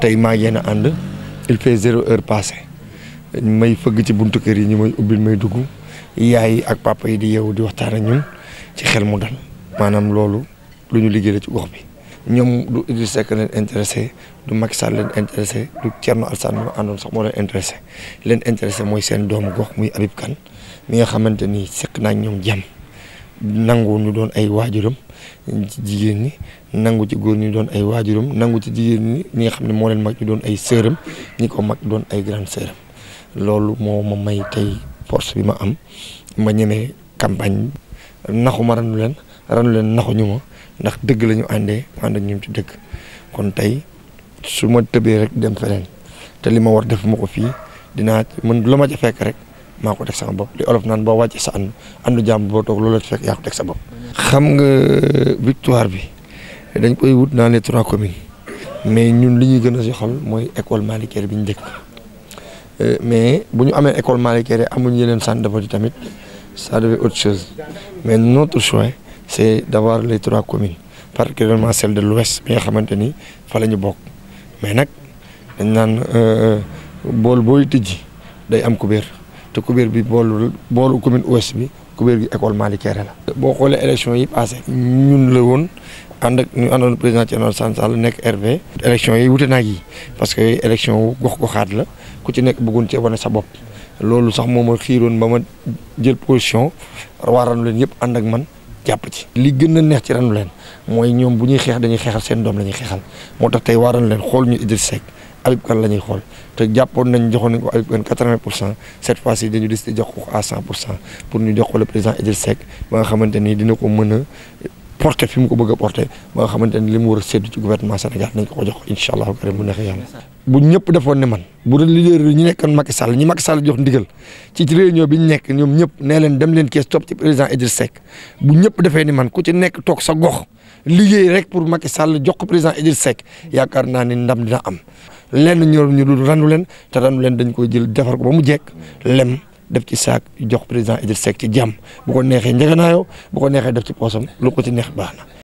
tey maa ngeen a ànd il fait zéro heure passée may fëgg ci buntu kër yi ñu may ubbil may dugg yaay ak papa yi di yeewu di waxtaan ak ñun ci xel mu dal maanaam loolu lu ñu liggéey la ci gox bi ñoom du Idrissa sekk leen intéressé du mag Sall leen intéressé du Thierno Alassane moo àndoon sax moo leen intéressé leen intéressé mooy seen doomu gox muy Habib Kane mi nga xamante ni seq naa ñoom jàmm nangu ñu doon ay waajuram jigéen ñi nangu ci góor ñu doon ay waajuram nangu ci jigéen ñi ñi nga xam ne moo leen mag ñu doon ay sëram ñi ko mag doon ay grande sëram loolu moo ma may tey force bi ma am ma ñemee campagne naxu ma ranu leen ranu leen naxu ma ndax dëgg lañu ñu àndee ànd ñu ci dëgg kon tey su ma tëbee rek dem feneen te li ma war def ma ko fii dinaa mën lu ma ca fekk rek maa ko teg sama bopp li olof naan boo wàccee sa ànd àndu jàmm boo toog loola fekk yaa ko teg sa bopp. xam nga euh, victoire bi dañ koy wut naa les trois communes mais ñun li ñuy gën a soxal mooy école Malick Guèye bi ñu dëkk euh, mais bu ñu amee école Malick amuñ amuñu yeneen centre de vote tamit ça devait autre chose mais notre choix c'est d'avoir les trois communes particulièrement celle de l'ouest bi nga xamante ni fa la ñu bokk mais nag dañ naan euh, bool booy tijji day am kubéer. te kubéer bi boolu boolu commune ouest bi kubéer gi école Malick Kéré la. boo xoolee élection yi passé ñun la woon ànd ak ñu àndoon président Thierno Alassane nekk RV. élection yi wute naa yi parce que élection gox-goxaat la ku ci nekk bëggoon cee wane sa bopp loolu sax moom ma xiiroon ba ma jël position waa leen yëpp ànd ak man jàpp ci. li gën a neex ci leen mooy ñoom bu ñuy xeex dañuy xeexal seen doom la ñuy xeexal moo tax tey waa Ranouleen xool ñu Idriss Habib Kane la xool te jàppoon nañ joxoon nañ ko Habib Kane quatre-vingt pour cent cette fois ci dañu décidé jox ko à cent pour cent pour ñu jox ko le président Idriss Seck ba nga xamante ni dina ko mën a porté ko bëgg a ba nga xamante ni li mu war a séddu ci gouvernement Sénégal nañ ko ko jox incha allahu karim bu neexee yàlla bu ñëpp defoon ne man bu Sall ñi Macky Sall jox ndigal ci réunion bi ñu nekk ñëpp nee leen dem leen kees topp ci président Idriss Seck bu ñëpp defee ci nekk toog sa gox liggéey rek pour Macky Sall jox ko président Idriss Seck yaakaar naa ni ndam dina am lenn ñoom ñu dul randu leen te randu leen dañ koy jël defar ko ba mu jekk lem def ci saak jox président Idriss Seck ci jàmm bu ko neexee njëganaayoo bu ko neexee def ci posam lu ko ci neex baax na.